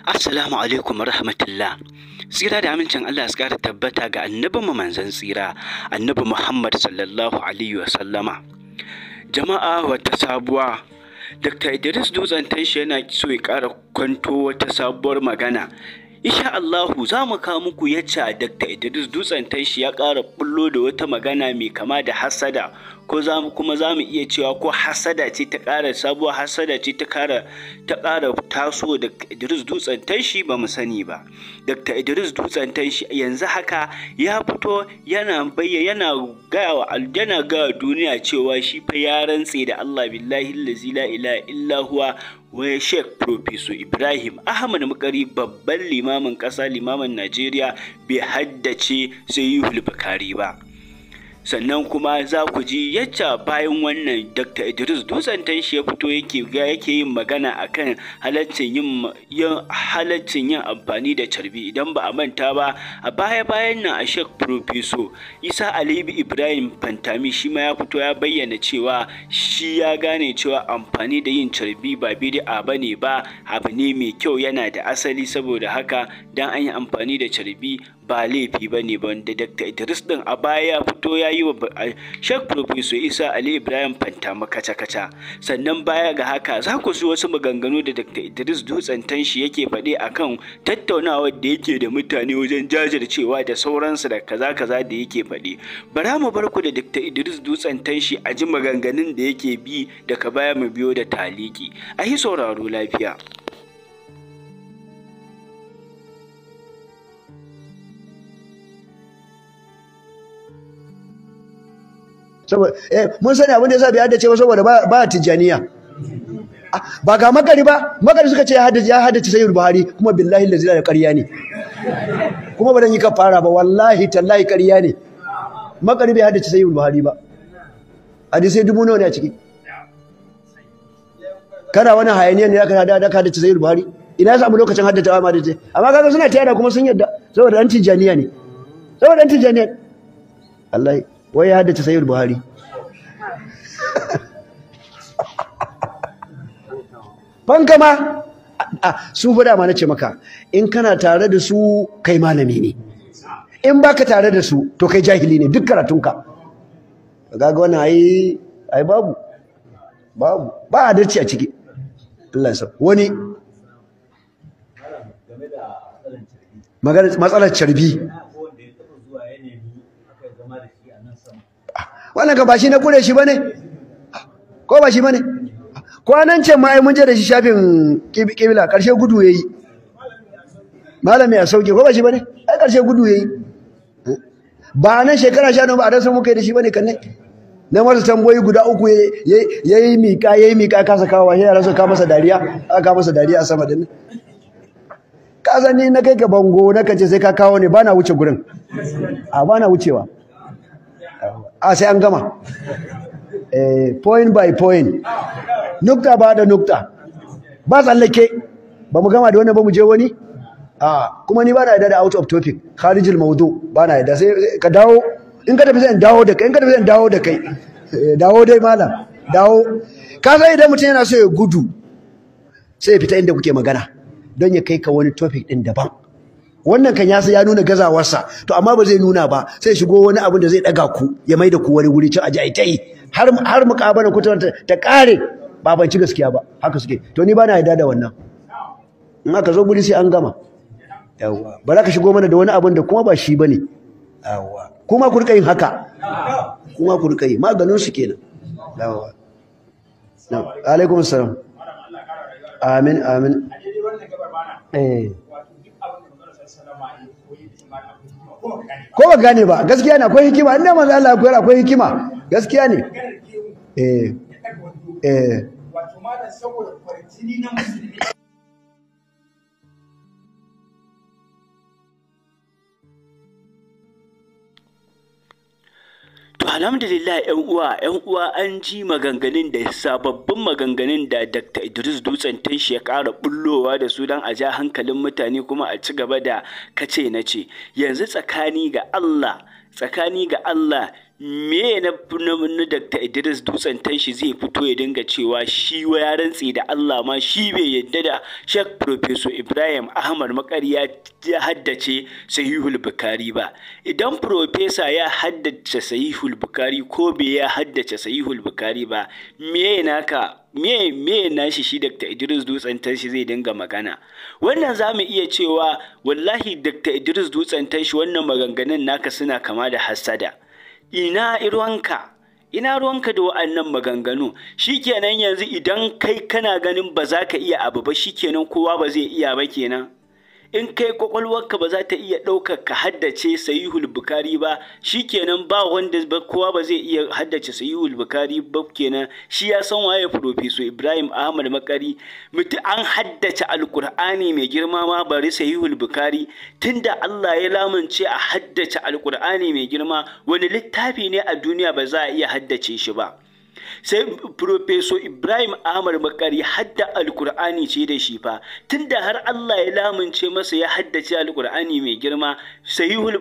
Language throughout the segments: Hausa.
Assalamu alaikum rahmatullah. Tsira da amincin Allah su kara tabbata ga annabin mu manzon tsira, annabi Muhammad sallallahu alaihi wa sallama. Jama'a wata sabuwa Dr. Idris Dutsen tashi yana so ya ƙara kwanto wata sabuwar magana. Isha Allahu za mu kawo muku yacca Dr. Idris Dutsen tashi ya ƙara bullo da wata magana mai kama da hasada ko kuma za mu iya cewa ko hasada ce ta ƙara sabuwa hasada ce ta ƙara ta ƙara taso da Idris Dutsen Tanshi ba mu sani ba Dr. Idris Dutsen Tanshi yanzu haka ya fito yana bayyana yana gaya wa duniya cewa shi fa ya rantse da Allah billahi la ilaha illa huwa waya sheikh Professor ibrahim ahmad mukari babban limamin ƙasa limamin najeriya bai haddace sai yi bukari ba sannan kuma za ku ji yacca bayan wannan dr idris dutsen shi ya fito yake ga yake yin magana akan halaccin yin halaccin yin amfani da carbi idan ba a manta ba a baya bayan nan a shek profeso isa alibi ibrahim fantami shi ma ya fito ya bayyana cewa shi ya gane cewa amfani da yin carbi ba bid'a ba ne ba abu ne mai kyau yana da asali saboda haka dan an yi amfani da carbi ba laifi ba ne ba da Dr. Idris din a baya ya fito ya yi wa Sheikh Professor Isa Ali Ibrahim Fanta ma kaca Sannan baya ga haka za ku su wasu maganganu da Dr. Idris Dutsen Tanshi yake faɗi kan tattaunawar da yake da mutane wajen jajircewa da sauransu da kaza-kaza da yake faɗi. Bara mu bar ku da Dr. Idris Dutsen Tanshi a ji maganganun da yake bi daga baya mu biyo da taliki. A yi sauraro lafiya. Eh, mun sani abin da ya sa bai haddace ba saboda ba tijaniya ah, ba ga makari ba makari suka ce ya haddace ya sayyid buhari kuma billahi allazi da ƙarya ne kuma ba dan yi fara ba wallahi tallahi ƙarya ne makari bai haddace sayyid buhari ba hadisai dubu nawa ne a ciki kana wani hayaniya ne zaka hada da ka haddace sayyid buhari ina samu lokacin haddace amma da amma kaga suna tayar kuma sun yadda saboda dan tijaniya ne saboda dan tijaniya Allah wai ya haddace sayyid buhari fanka ma su fada ma nace maka in kana tare da su kai malami ne in baka tare da su to kai jahili ne duk karatunka gaga wannan ai ai babu babu ba adalci a ciki Allah sa wani matsalar carbi wannan ka ba shi na kure shi ba ne? ko ba shi bane kwanan ce ma je da shi shafin kibila, karshe gudu ya yi. malami a sauke ko ba shi ne ai karshe gudu ya yi. ba nan shekara sha ba a rasa muka yi da shi ba ne kanne na masa tamboyi guda uku ya yi miƙa ya yi miƙa kasa kawo ya su ka masa dariya a ka masa dariya a sama din ka san ni na kai ka bango na kace sai ka kawo ne ba na wuce gurin a ba na wucewa a sai an gama eh, point by point nukta ba da nukta ba tsallake ba mu gama da wannan ba mu je wani kuma ni ba na yada da out of topic kharijil maudu ba na yada sai ka dawo in ka tafi sai dawo da kai in ka tafi sai dawo da kai eh, dawo dai malam dawo ka sai idan mutum yana so ya gudu sai ya fita inda kuke magana don ya kai ka wani topic din daban wannan kan ya ya nuna gazawarsa to amma ba zai nuna ba sai shigo wani abin da zai daga ku ya maida ku wani wuri cin aji ai tai har har mukabaran ku ta kare ba ban ci gaskiya ba haka suke to ni bana yarda da wannan in aka zo guri sai an gama yawa ba za ka shigo mana da wani abin da kuma ba shi bane yawa kuma ku rika yin haka kuma ku rika yi maganin su kenan yawa na alaikum assalam amin amin eh ko ba gane ba gaskiya ne akwai hikima inda manzo Allah ya koyar akwai hikima gaskiya ne eh eh wato ma da saboda kwarjini na musulmi To alhamdulillah ‘yan uwa, ‘yan uwa an ji maganganun da sababbin maganganun da Dr. Idris Dutsen shi ya ƙara bullowa da su don a ja hankalin mutane kuma a ci gaba da kace na ce. Yanzu tsakani ga Allah, tsakani ga Allah me na na Dr. Idris Dutsen tanshi zai fito ya dinga cewa shi wa ya rantsi da Allah ma shi bai yadda da Sheikh Professor Ibrahim Ahmad Makariya ya haddace Sahihul Bukhari ba idan Professor ya haddace Sahihul Bukhari ko bai ya haddace Sahihul Bukhari ba me naka me me na shi Dr. Idris Dutsen tanshi zai dinga magana wannan za mu iya cewa wallahi Dr. Idris Dutsen tanshi wannan maganganun naka suna kama da hassada ina ruwanka ina ruwanka da wa'annan maganganu shikenan yanzu idan kai kana ganin ba za ka iya abu ba shi kenan kowa ba zai iya ba kenan in kai kwakwalwarka ba za ta iya ɗaukar ka haddace sahihul bukari ba kenan ba wanda kowa ba zai iya haddace sahihul bukari ba kenan shi ya san waye profeso ibrahim ahmad makari mutu an haddace alkur'ani mai girma ma bari sahihul bukari tunda allah ya lamance a haddace alkur'ani mai girma wani littafi ne a duniya ba za a iya haddace shi ba sai profeso ibrahim amar makari hadda alkur'ani ce da shi fa tunda har allah ya lamunce masa ya haddace alkur'ani mai girma sahihul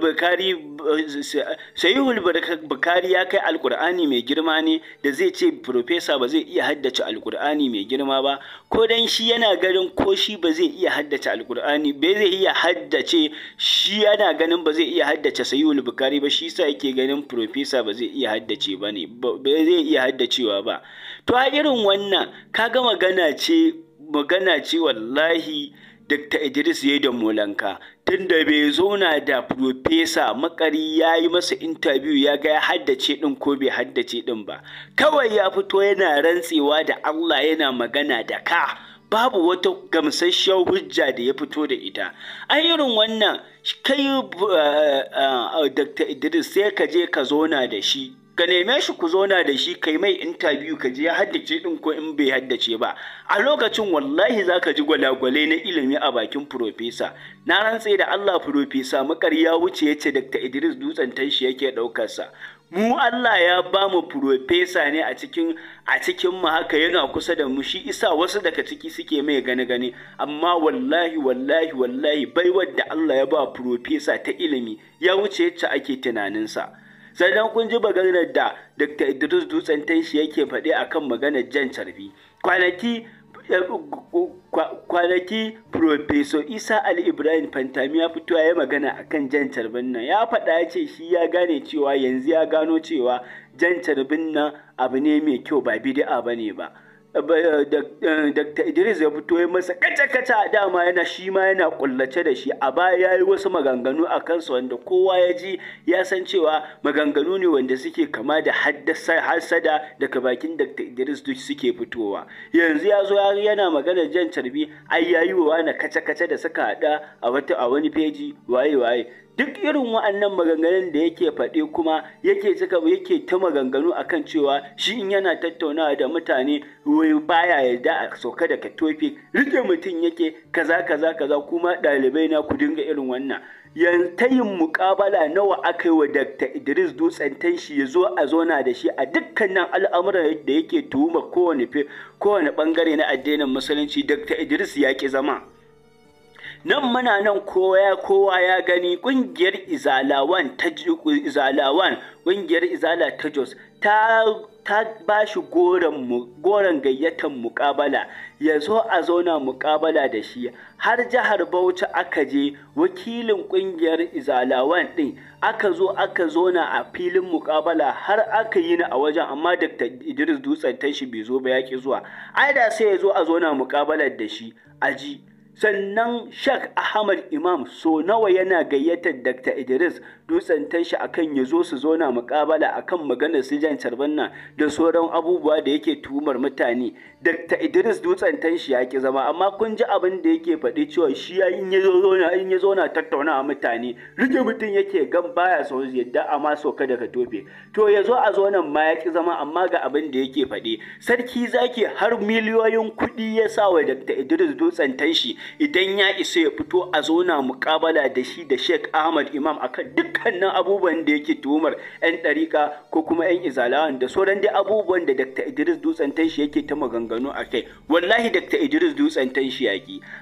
bukari ya kai alkur'ani mai girma ne da zai ce profesa ba zai iya haddace alkur'ani mai girma ba ko dan shi yana ganin ko shi ba zai iya haddace alkur'ani ba zai iya haddace shi yana ganin ba zai iya haddace sahihul bukari ba shi sa yake ganin profesa ba zai iya haddace ba ne ba zai iya haddace cewa ba to a irin wannan kaga magana ce magana ce wallahi Dr. Idris ya yi da molanka tunda bai zauna da Profesa Makari ya yi masa intabiyu ya ga ya haddace ɗin ko bai haddace ɗin ba. Kawai ya fito yana rantsewa da Allah yana magana da ka. babu wata gamsasshen hujja da ya fito da ita an irin wannan kai eh, eh, dr idris sai ka je ka zauna da shi ka neme shi ku zauna da shi kai mai interview ka ji ya haddace din ko in bai haddace ba a lokacin wallahi za ka ji gwalagwale na ilimi a bakin profesa na rantse da Allah profesa makar ya wuce yace Dr. Idris Dutsen tanshi yake daukar sa mu Allah ya ba mu profesa ne a cikin a cikin mu haka yana kusa da mu shi isa wasu daga ciki suke mai gani gani amma wallahi wallahi wallahi baiwar da Allah ya ba profesa ta ilimi ya wuce yacce ake tunaninsa. sannan kun ji maganar da Dr. Idris Dutsen tanshi yake faɗi akan maganar Jan Carbi kwanaki eh, kwanaki Profeso Isa Ali Ibrahim Fantami ya fito ya yi magana akan Jan Carbin nan ya faɗa ya ce shi ya gane cewa yanzu ya gano cewa Jan Carbin nan abu ne mai kyau ba bid'a bane ba. Eh, eh, Dr. Idris ya fito ya masa kace a dama yana shi ma yana kullace da shi a baya ya yi wasu maganganu a kansu wanda kowa ya ji ya san cewa maganganu ne wanda suke kama da hassada daga bakin Dr. Idris duk suke fitowa yanzu ya zo yana magana jan carbi ai yayi wa na kaca kace da suka hada a wani feji waye waye duk irin wa'annan maganganun da yake faɗe kuma yake suka yake ta maganganu akan cewa shi in yana tattaunawa da mutane wai baya yarda a sauka daga topic rike mutum yake kaza kaza kaza kuma ɗalibai na ku dinga irin wannan ta yin mukabala nawa aka yi wa Dr. Idris Dutsen tanshi ya zo a zona da shi a dukkanin al'amuran da yake tuhumar kowane ɓangare na addinin musulunci Dr. Idris ya ki zama. nan muna nan kowa ya gani kungiyar izalawan ta izalawan kungiyar izala ta jos ta ta ba shi goron gayyatar muƙabala, ya zo a zauna muƙabala da shi har jihar bauchi aka je wakilin kungiyar izalawan din aka zo aka zauna a filin muƙabala har aka yi ni a wajen amma dr idris dutsen tashi bai zo ba yaƙi zuwa ai da sai ya zo a zauna mukabalar da shi aji sannan shak ahmad imam so nawa yana gayyatar dr idris dutsen tashi akan ya zo su zauna mukabala akan maganar su jan carbanna da sauran abubuwa da yake tumar mutane Dr. Idris dutsen tashi ya ki zama amma kun ji abin da yake faɗi cewa shi ya in ya zauna in ya na tattauna mutane rike mutum yake gan baya so yadda amma so kada ka tofe to ya zo a zo nan ma ya ki zama amma ga abin da yake faɗi sarki zaki har miliyoyin kuɗi ya sa wa Dr. Idris dutsen tashi idan ya isa ya fito a zauna mukabala da shi da Sheikh Ahmad Imam akan duk dukkanin abubuwan da yake tuhumar 'yan ɗarika ko kuma 'yan izalawan da sauran dai abubuwan da Dr. Idris Dutsen shi yake ta maganganu a kai. Wallahi Dr. Idris Dutsen shi ya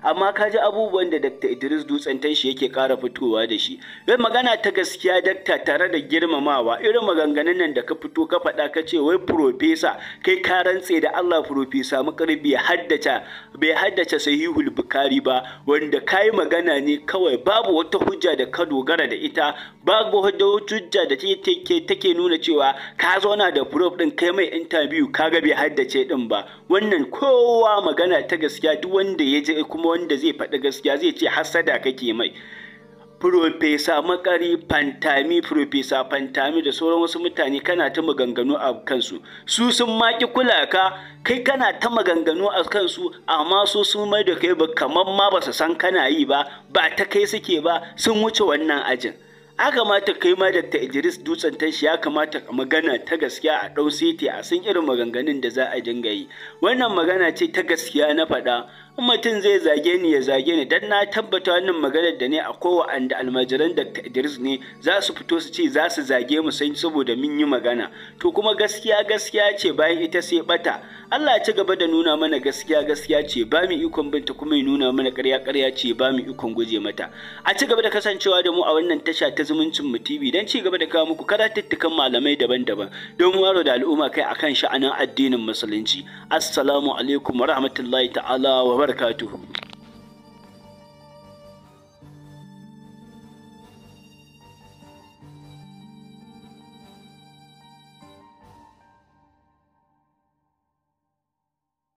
amma ka ji abubuwan da Dr. Idris Dutsen shi yake ƙara fitowa da shi. Wai magana ta gaskiya Dr. tare da girmamawa irin maganganun nan da ka fito ka faɗa ka ce wai Profesa kai ka rantse da Allah Profesa Makarbi ya haddace bai haddace sahihul bukari ba wanda kai magana ne kawai babu wata hujja da ka dogara da ita babu wata hujja da take nuna cewa ka zauna da proof din kai mai interview ka ga bai haddace din ba wannan kowa magana ta gaskiya duk wanda ya je kuma wanda zai faɗi gaskiya zai ce hasada kake mai Profesa Makari Fantami, Profesa Fantami da sauran wasu mutane kana ta maganganu a kansu. Su sun maki kula kai kana ta maganganu a kansu, amma su sun mai da kai ba kamar ma ba su san kana yi ba, ba ta kai suke ba, sun wuce wannan ajin. a kamata kai ma Dr. Idris Dutsen shi ya kamata magana ta gaskiya a ɗau a san irin maganganun da za a dinga yi wannan magana ce ta gaskiya na faɗa mutum zai zage ni ya zage ni dan na tabbata wannan maganar da ne a wa'anda almajiran da Idris ne za su fito su ce za su zage mu sai saboda mun yi magana to kuma gaskiya gaskiya ce bayan ita sai bata Allah ya ci gaba da nuna mana gaskiya gaskiya ce ba mu ikon binta kuma ya nuna mana ƙarya ƙarya ce ba mu ikon guje mata a ci gaba da kasancewa da mu a wannan tasha ta zumuncin mu TV dan ci gaba da kawo muku karatuttukan malamai daban-daban don waro da al'umma kai akan sha'anin addinin musulunci assalamu alaikum wa rahmatullahi ta'ala wa The wabarakatuhu.